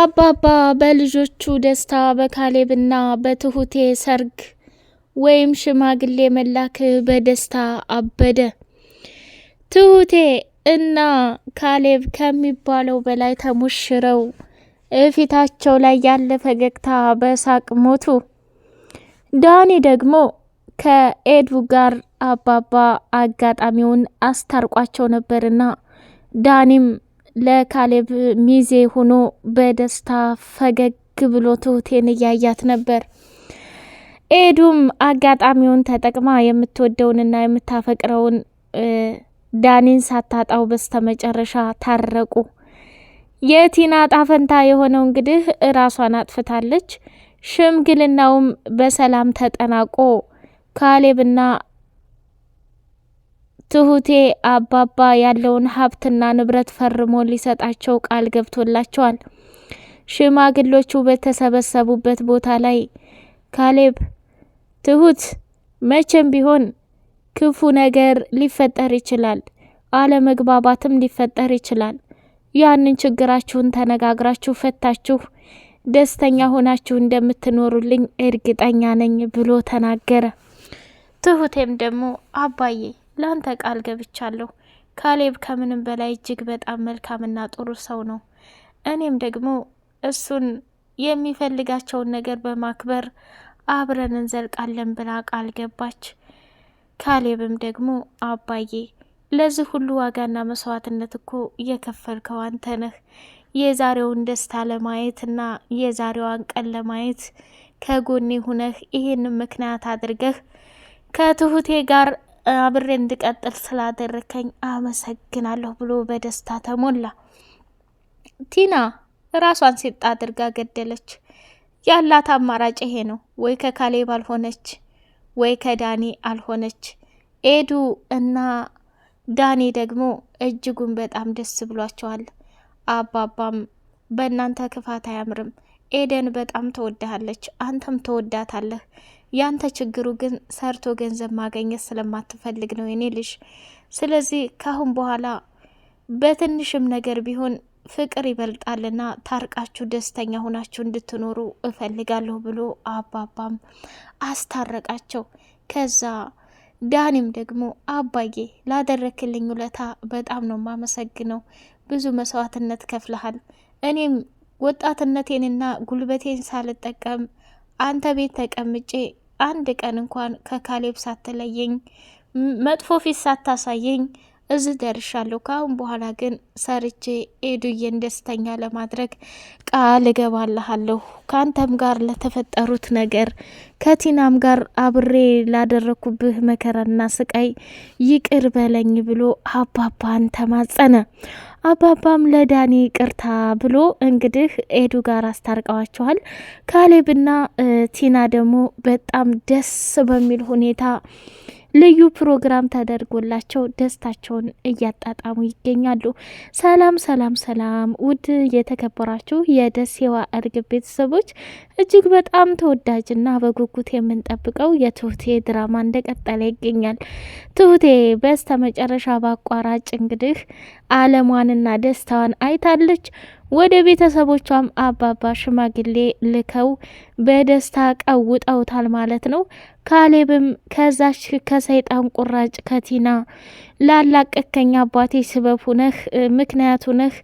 አባባ በልጆቹ ደስታ በካሌብና በትሁቴ ሰርግ ወይም ሽማግሌ መላክ በደስታ አበደ። ትሁቴ እና ካሌብ ከሚባለው በላይ ተሞሽረው እፊታቸው ላይ ያለ ፈገግታ በሳቅ ሞቱ። ዳኒ ደግሞ ከኤዱ ጋር አባባ አጋጣሚውን አስታርቋቸው ነበርና ዳኒም ለካሌብ ሚዜ ሆኖ በደስታ ፈገግ ብሎ ትሁቴን እያያት ነበር። ኤዱም አጋጣሚውን ተጠቅማ የምትወደውንና የምታፈቅረውን ዳኒን ሳታጣው በስተመጨረሻ ታረቁ። የቲና ጣፈንታ የሆነው እንግዲህ እራሷን አጥፍታለች። ሽምግልናውም በሰላም ተጠናቆ ካሌብና ትሁቴ አባባ ያለውን ሀብትና ንብረት ፈርሞ ሊሰጣቸው ቃል ገብቶላቸዋል። ሽማግሎቹ በተሰበሰቡበት ቦታ ላይ ካሌብ ትሁት መቼም ቢሆን ክፉ ነገር ሊፈጠር ይችላል፣ አለመግባባትም ሊፈጠር ይችላል። ያንን ችግራችሁን ተነጋግራችሁ ፈታችሁ ደስተኛ ሆናችሁ እንደምትኖሩልኝ እርግጠኛ ነኝ ብሎ ተናገረ። ትሁቴም ደግሞ አባዬ ለአንተ ቃል ገብቻለሁ። ካሌብ ከምንም በላይ እጅግ በጣም መልካምና ጥሩ ሰው ነው። እኔም ደግሞ እሱን የሚፈልጋቸውን ነገር በማክበር አብረን እንዘልቃለን ብላ ቃል ገባች። ካሌብም ደግሞ አባዬ ለዚህ ሁሉ ዋጋና መስዋዕትነት እኮ እየከፈልከው አንተ ነህ። የዛሬውን ደስታ ለማየትና የዛሬዋን ቀን ለማየት ከጎኔ ሁነህ ይህን ምክንያት አድርገህ ከትሁቴ ጋር አብሬ እንድቀጥል ስላደረከኝ አመሰግናለሁ ብሎ በደስታ ተሞላ። ቲና ራሷን ሲጣ አድርጋ ገደለች። ያላት አማራጭ ይሄ ነው። ወይ ከካሌብ አልሆነች፣ ወይ ከዳኒ አልሆነች። ኤዱ እና ዳኒ ደግሞ እጅጉን በጣም ደስ ብሏቸዋል። አባባም በእናንተ ክፋት አያምርም፣ ኤደን በጣም ተወዳሃለች፣ አንተም ተወዳታለህ ያንተ ችግሩ ግን ሰርቶ ገንዘብ ማገኘት ስለማትፈልግ ነው የኔ ልጅ። ስለዚህ ካሁን በኋላ በትንሽም ነገር ቢሆን ፍቅር ይበልጣልና ታርቃችሁ ደስተኛ ሆናችሁ እንድትኖሩ እፈልጋለሁ ብሎ አባባም አስታረቃቸው። ከዛ ዳኒም ደግሞ አባዬ ላደረክልኝ ውለታ በጣም ነው ማመሰግነው። ብዙ መስዋዕትነት ከፍለሃል። እኔም ወጣትነቴንና ጉልበቴን ሳልጠቀም አንተ ቤት ተቀምጬ አንድ ቀን እንኳን ከካሌብ ሳትለየኝ መጥፎ ፊት ሳታሳየኝ እዚህ ደርሻለሁ። ከአሁን በኋላ ግን ሰርቼ ኤዱዬን ደስተኛ ለማድረግ ቃል እገባልሃለሁ። ከአንተም ጋር ለተፈጠሩት ነገር ከቲናም ጋር አብሬ ላደረኩብህ መከራና ስቃይ ይቅር በለኝ ብሎ አባባን ተማጸነ። አባባም ለዳኒ ቅርታ ብሎ እንግዲህ ኤዱ ጋር አስታርቀዋቸዋል። ካሌብና ቲና ደግሞ በጣም ደስ በሚል ሁኔታ ልዩ ፕሮግራም ተደርጎላቸው ደስታቸውን እያጣጣሙ ይገኛሉ። ሰላም ሰላም ሰላም! ውድ የተከበራችሁ የደሴዋ እርግብ ቤተሰቦች እጅግ በጣም ተወዳጅና በጉጉት የምንጠብቀው የትሁቴ ድራማ እንደቀጠለ ይገኛል። ትሁቴ በስተመጨረሻ በአቋራጭ እንግዲህ አለሟንና ደስታዋን አይታለች። ወደ ቤተሰቦቿም አባባ ሽማግሌ ልከው በደስታ ቀውጠውታል ማለት ነው። ካሌብም ከዛች ከሰይጣን ቁራጭ ከቲና ላላቀከኝ አባቴ ስበብ ሁነህ ምክንያቱ ነህ፣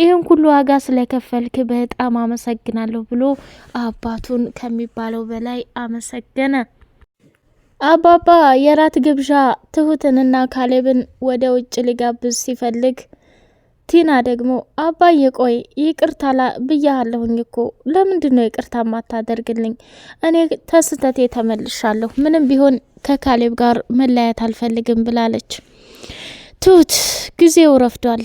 ይህን ሁሉ ዋጋ ስለከፈልክ በጣም አመሰግናለሁ ብሎ አባቱን ከሚባለው በላይ አመሰገነ። አባባ የራት ግብዣ ትሁትንና ካሌብን ወደ ውጭ ሊጋብዝ ሲፈልግ ቲና ደግሞ አባዬ ቆይ ይቅርታ ላ ብያሃለሁኝ እኮ ለምንድን ነው ይቅርታ ማታደርግልኝ? እኔ ተስተቴ ተመልሻለሁ፣ ምንም ቢሆን ከካሌብ ጋር መለያየት አልፈልግም ብላለች። ትሁት ጊዜው ረፍዷል።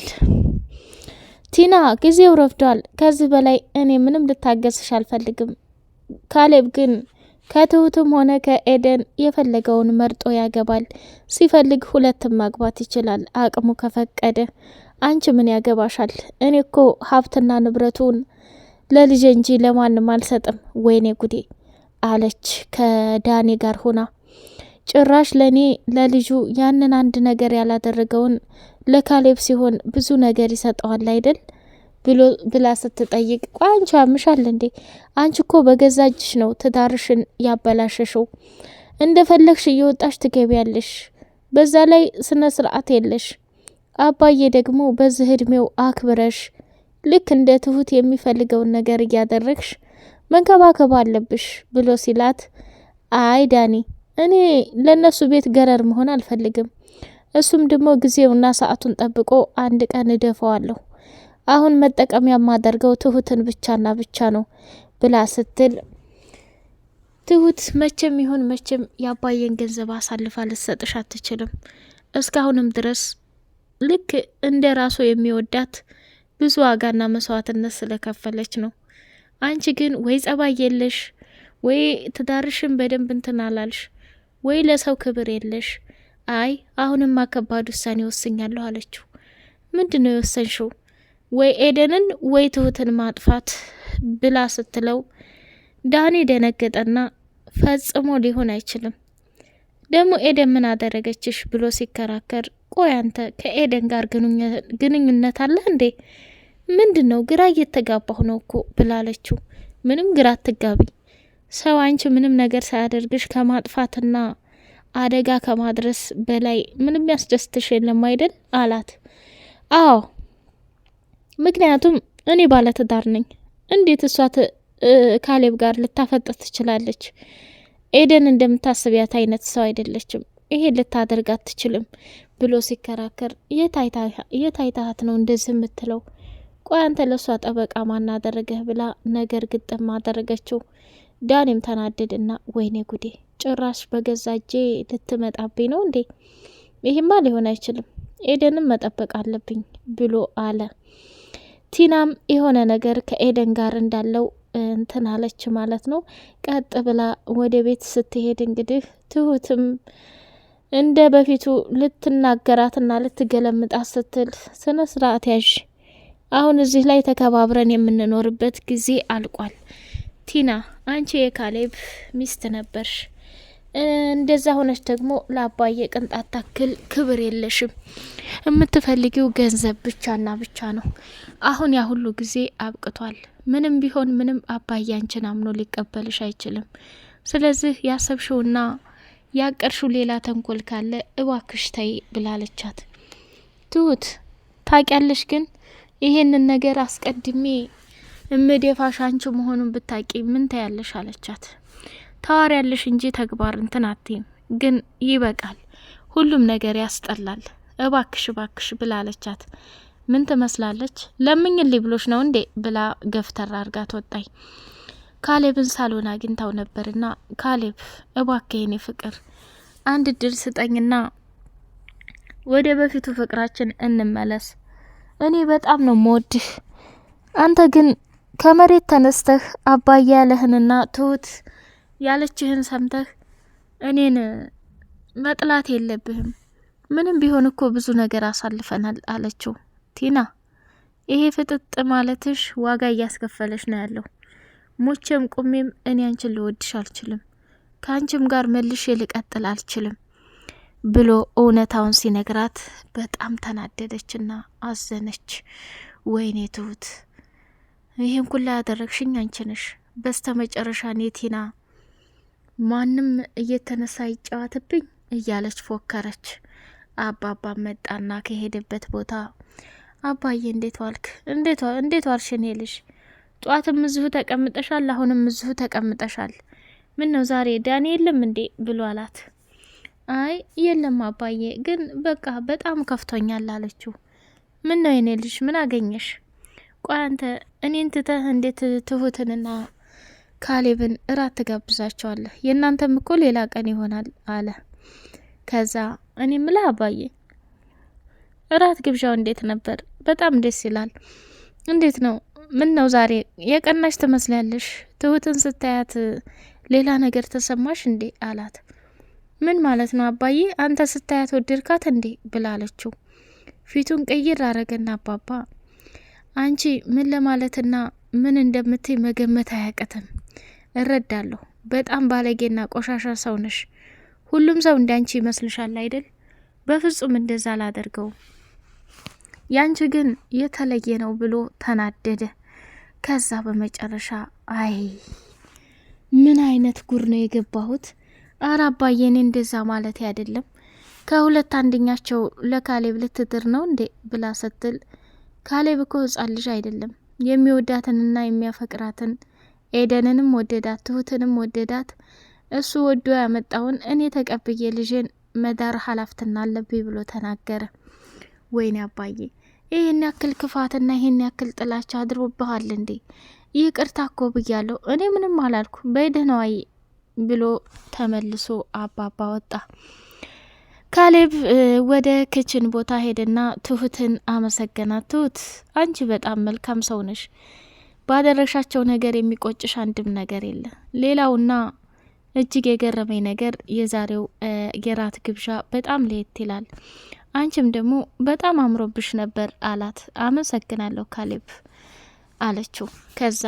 ቲና ጊዜው ረፍዷል፣ ከዚህ በላይ እኔ ምንም ልታገስሽ አልፈልግም። ካሌብ ግን ከትሁትም ሆነ ከኤደን የፈለገውን መርጦ ያገባል። ሲፈልግ ሁለትም ማግባት ይችላል አቅሙ ከፈቀደ። አንቺ ምን ያገባሻል? እኔ እኮ ሀብትና ንብረቱን ለልጄ እንጂ ለማንም አልሰጥም። ወይኔ ጉዴ አለች ከዳኔ ጋር ሆና። ጭራሽ ለእኔ ለልጁ ያንን አንድ ነገር ያላደረገውን ለካሌብ ሲሆን ብዙ ነገር ይሰጠዋል አይደል ብላ ስትጠይቅ፣ ቆይ አንቺ እንዴ? አንቺ እኮ በገዛ እጅሽ ነው ትዳርሽን ያበላሸሽው። ፈለግሽ እየወጣሽ ትገቢያለሽ። በዛ ላይ ስነ ስርዓት የለሽ አባዬ ደግሞ በዚህ እድሜው አክብረሽ ልክ እንደ ትሁት የሚፈልገውን ነገር እያደረግሽ መንከባከብ አለብሽ ብሎ ሲላት፣ አይ ዳኒ እኔ ለእነሱ ቤት ገረር መሆን አልፈልግም። እሱም ደግሞ ጊዜውና ሰዓቱን ጠብቆ አንድ ቀን እደፈዋለሁ። አሁን መጠቀም የማደርገው ትሁትን ብቻና ብቻ ነው ብላ ስትል ትሁት መቼም ይሁን መቼም የአባዬን ገንዘብ አሳልፋ ልትሰጥሽ አትችልም። እስካሁንም ድረስ ልክ እንደ ራሱ የሚወዳት ብዙ ዋጋና መስዋዕትነት ስለከፈለች ነው። አንቺ ግን ወይ ጸባይ የለሽ፣ ወይ ትዳርሽን በደንብ እንትን አላልሽ፣ ወይ ለሰው ክብር የለሽ። አይ አሁንማ ከባድ ውሳኔ ወስኛለሁ አለችው። ምንድን ነው የወሰንሽው? ወይ ኤደንን ወይ ትሁትን ማጥፋት ብላ ስትለው ዳኔ ደነገጠና ፈጽሞ ሊሆን አይችልም ደግሞ ኤደን ምን አደረገችሽ ብሎ ሲከራከር ቆይ አንተ ከኤደን ጋር ግንኙነት አለህ እንዴ? ምንድን ነው? ግራ እየተጋባሁ ነው እኮ ብላለችው። ምንም ግራ አትጋቢ። ሰው አንቺ ምንም ነገር ሳያደርግሽ ከማጥፋትና አደጋ ከማድረስ በላይ ምንም ያስደስትሽ የለም አይደል? አላት። አዎ፣ ምክንያቱም እኔ ባለትዳር ነኝ። እንዴት እሷ ካሌብ ጋር ልታፈጥር ትችላለች? ኤደን እንደምታስቢያት አይነት ሰው አይደለችም። ይሄ ልታደርግ አትችልም ብሎ ሲከራከር የታይታሃት ነው እንደዚህ የምትለው? ቆይ አንተ ለእሷ ጠበቃ ማናደረገህ ብላ ነገር ግጥም አደረገችው። ዳኔም ተናደድና ወይኔ ጉዴ ጭራሽ በገዛ እጄ ልትመጣብኝ ነው እንዴ? ይህማ ሊሆን አይችልም፣ ኤደንም መጠበቅ አለብኝ ብሎ አለ። ቲናም የሆነ ነገር ከኤደን ጋር እንዳለው እንትን አለች ማለት ነው። ቀጥ ብላ ወደ ቤት ስትሄድ እንግዲህ ትሁትም እንደ በፊቱ ልትናገራትና ልትገለምጣት ስትል ስነ ስርዓት ያዥ፣ አሁን እዚህ ላይ ተከባብረን የምንኖርበት ጊዜ አልቋል። ቲና አንቺ የካሌብ ሚስት ነበርሽ። እንደዛ ሆነች ደግሞ ለአባዬ ቅንጣት ታክል ክብር የለሽም። የምትፈልጊው ገንዘብ ብቻና ብቻ ነው። አሁን ያ ሁሉ ጊዜ አብቅቷል። ምንም ቢሆን ምንም አባዬ አንቺን አምኖ ሊቀበልሽ አይችልም። ስለዚህ ያሰብሽውና ያቀርሹ ሌላ ተንኮል ካለ እባክሽ ተይ ብላለቻት። ትሁት ታቂያለሽ፣ ግን ይሄንን ነገር አስቀድሜ እምደፋሽ አንቺ መሆኑን ብታቂ ምን ታያለሽ አለቻት። ታዋሪ ያለሽ እንጂ ተግባር እንትን አትይም፣ ግን ይበቃል፣ ሁሉም ነገር ያስጠላል፣ እባክሽ እባክሽ ብላለቻት። ምን ትመስላለች ለምኝልኝ ብሎሽ ነው እንዴ ብላ ገፍተራ አርጋት ወጣይ ካሌብን ሳሎን አግኝታው ነበርና ካሌብ እባክህ የኔ ፍቅር አንድ እድል ስጠኝና ወደ በፊቱ ፍቅራችን እንመለስ። እኔ በጣም ነው መወድህ። አንተ ግን ከመሬት ተነስተህ አባዬ ያለህንና ትሁት ያለችህን ሰምተህ እኔን መጥላት የለብህም። ምንም ቢሆን እኮ ብዙ ነገር አሳልፈናል አለችው። ቲና ይሄ ፍጥጥ ማለትሽ ዋጋ እያስከፈለች ነው ያለው። ሞቼም ቁሜም እኔ አንቺን ልወድሽ አልችልም፣ ከአንቺም ጋር መልሼ ልቀጥል አልችልም ብሎ እውነታውን ሲነግራት በጣም ተናደደችና አዘነች። ወይኔ ትሁት ይህን ኩላ ያደረግሽኝ አንቺ ነሽ። በስተ መጨረሻ ኔቲና ማንም እየተነሳ ይጫወትብኝ እያለች ፎከረች። አባባ መጣና ከሄደበት ቦታ አባዬ እንዴት ዋልክ? እንዴት ዋልሽ? እኔ ልሽ ጠዋትም እዚሁ ተቀምጠሻል፣ አሁንም እዚሁ ተቀምጠሻል። ምን ነው ዛሬ ዳኒ የለም እንዴ ብሎ አላት። አይ የለም አባዬ፣ ግን በቃ በጣም ከፍቶኛል አለችው። ምን ነው የኔ ልጅ ምን አገኘሽ? ቆይ አንተ እኔን ትተህ እንዴት ትሁትንና ካሌብን እራት ትጋብዛቸዋለህ? የእናንተም እኮ ሌላ ቀን ይሆናል አለ። ከዛ እኔ ምላ አባዬ እራት ግብዣው እንዴት ነበር? በጣም ደስ ይላል። እንዴት ነው ምን ነው ዛሬ የቀናሽ ትመስላለሽ? ትሁትን ስታያት ሌላ ነገር ተሰማሽ እንዴ አላት። ምን ማለት ነው አባዬ? አንተ ስታያት ወደድካት እንዴ ብላለችው? ፊቱን ቀይር አረገና አባባ አንቺ ምን ለማለትና ምን እንደምትይ መገመት አያቅትም። እረዳለሁ። በጣም ባለጌና ቆሻሻ ሰው ነሽ። ሁሉም ሰው አንቺ ይመስልሻል አይደል? በፍጹም እንደዛ አላደርገውም። ያንቺ ግን የተለየ ነው ብሎ ተናደደ። ከዛ በመጨረሻ አይ ምን አይነት ጉር ነው የገባሁት? አረ እኔ እንደዛ ማለት አይደለም። ከሁለት አንደኛቸው ለካሌብ ልትድር ነው እንዴ ብላ ስትል ካሌብ እኮ ህጻን ልጅ አይደለም። የሚወዳትንና የሚያፈቅራትን ኤደንንም ወደዳት፣ ትሁትንም ወደዳት። እሱ ወዶ ያመጣውን እኔ ተቀብዬ ልጄን መዳር ኃላፊነት አለብኝ ብሎ ተናገረ። ወይኔ አባዬ ይህን ያክል ክፋትና ይህን ያክል ጥላቻ አድሮብሃል እንዴ? ይቅርታ እኮ ብያለሁ፣ እኔ ምንም አላልኩ፣ በደህናዋይ ብሎ ተመልሶ አባባ ወጣ። ካሌብ ወደ ክችን ቦታ ሄደና ትሁትን አመሰገናት። ትሁት አንቺ በጣም መልካም ሰው ነሽ፣ ባደረሻቸው ነገር የሚቆጭሽ አንድም ነገር የለ። ሌላውና እጅግ የገረመኝ ነገር የዛሬው የራት ግብዣ በጣም ለየት ይላል። አንቺም ደግሞ በጣም አምሮብሽ ነበር አላት። አመሰግናለሁ ካሌብ አለችው። ከዛ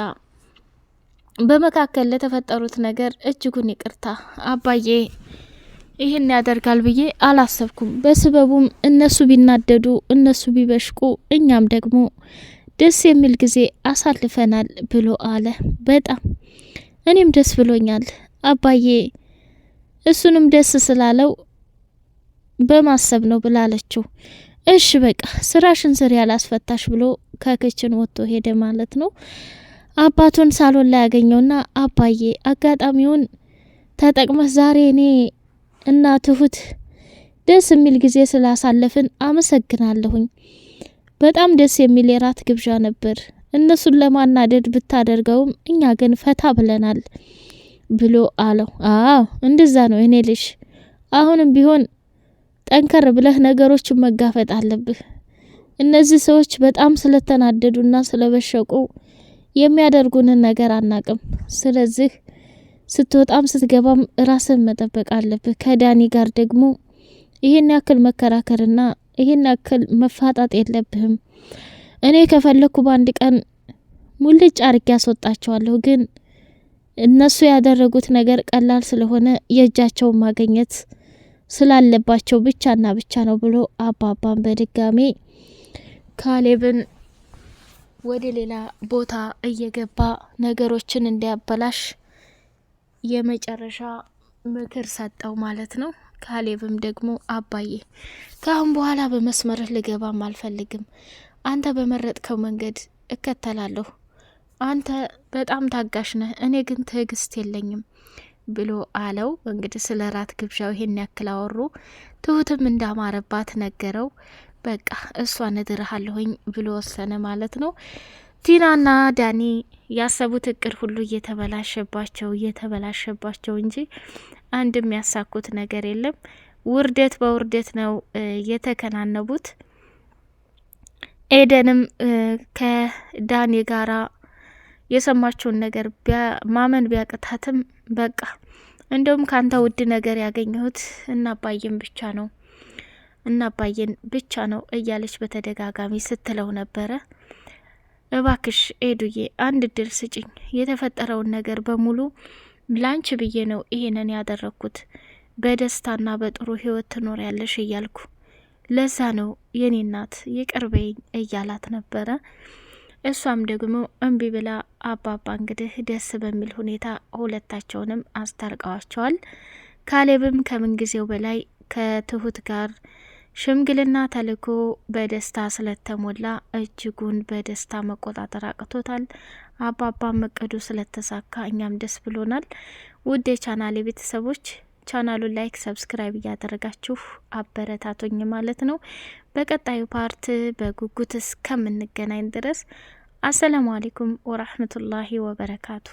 በመካከል ለተፈጠሩት ነገር እጅጉን ይቅርታ አባዬ፣ ይህን ያደርጋል ብዬ አላሰብኩም። በስበቡም እነሱ ቢናደዱ እነሱ ቢበሽቁ እኛም ደግሞ ደስ የሚል ጊዜ አሳልፈናል ብሎ አለ። በጣም እኔም ደስ ብሎኛል አባዬ። እሱንም ደስ ስላለው በማሰብ ነው ብላለችው። እሺ በቃ ስራሽን ስሪ ያላስፈታሽ ብሎ ከክችን ወጥቶ ሄደ ማለት ነው። አባቱን ሳሎን ላይ ያገኘውና አባዬ አጋጣሚውን ተጠቅመህ ዛሬ እኔ እና ትሁት ደስ የሚል ጊዜ ስላሳለፍን አመሰግናለሁኝ። በጣም ደስ የሚል የራት ግብዣ ነበር። እነሱን ለማናደድ ብታደርገውም እኛ ግን ፈታ ብለናል ብሎ አለው። አዎ እንደዛ ነው እኔ ልሽ አሁንም ቢሆን ጠንከር ብለህ ነገሮችን መጋፈጥ አለብህ። እነዚህ ሰዎች በጣም ስለተናደዱና ስለበሸቁ የሚያደርጉንን ነገር አናቅም። ስለዚህ ስትወጣም ስትገባም ራስን መጠበቅ አለብህ። ከዳኒ ጋር ደግሞ ይህን ያክል መከራከርና ይህን ያክል መፋጣጥ የለብህም። እኔ ከፈለግኩ በአንድ ቀን ሙልጭ አርጌ ያስወጣቸዋለሁ። ግን እነሱ ያደረጉት ነገር ቀላል ስለሆነ የእጃቸውን ማግኘት ስላለባቸው ብቻና ብቻ ነው ብሎ አባባን በድጋሚ ካሌብን ወደ ሌላ ቦታ እየገባ ነገሮችን እንዲያበላሽ የመጨረሻ ምክር ሰጠው ማለት ነው። ካሌብም ደግሞ አባዬ ከአሁን በኋላ በመስመርህ ልገባም አልፈልግም። አንተ በመረጥከው መንገድ እከተላለሁ። አንተ በጣም ታጋሽ ነህ፣ እኔ ግን ትዕግስት የለኝም። ብሎ አለው። እንግዲህ ስለ ራት ግብዣው ይሄን ያክል አወሩ። ትሁትም እንዳማረባት ነገረው። በቃ እሷ ነድርሃለሁኝ ብሎ ወሰነ ማለት ነው። ቲናና ዳኒ ያሰቡት እቅድ ሁሉ እየተበላሸባቸው እየተበላሸባቸው እንጂ አንድ የሚያሳኩት ነገር የለም። ውርደት በውርደት ነው የተከናነቡት። ኤደንም ከዳኒ ጋራ የሰማችውን ነገር ማመን ቢያቅታትም በቃ እንደውም ከአንተ ውድ ነገር ያገኘሁት እናባየን ብቻ ነው እናባየን ብቻ ነው እያለች በተደጋጋሚ ስትለው ነበረ። እባክሽ ኤዱዬ አንድ እድል ስጭኝ። የተፈጠረውን ነገር በሙሉ ላንቺ ብዬ ነው ይሄንን ያደረግኩት። በደስታና በጥሩ ህይወት ትኖሪያለሽ እያልኩ ለዛ ነው የኔ እናት ይቅር በይኝ እያላት ነበረ። እሷም ደግሞ እምቢ ብላ አባባ እንግዲህ ደስ በሚል ሁኔታ ሁለታቸውንም አስታርቀዋቸዋል። ካሌብም ከምንጊዜው በላይ ከትሁት ጋር ሽምግልና ተልኮ በደስታ ስለተሞላ እጅጉን በደስታ መቆጣጠር አቅቶታል። አባባ መቀዱ ስለተሳካ እኛም ደስ ብሎናል። ውድ የቻናል ቤተሰቦች ቻናሉን ላይክ፣ ሰብስክራይብ እያደረጋችሁ አበረታቶኝ ማለት ነው። በቀጣዩ ፓርት በጉጉት እስከምንገናኝ ድረስ አሰላሙ አሌይኩም ወራህመቱላሂ ወበረካቱ።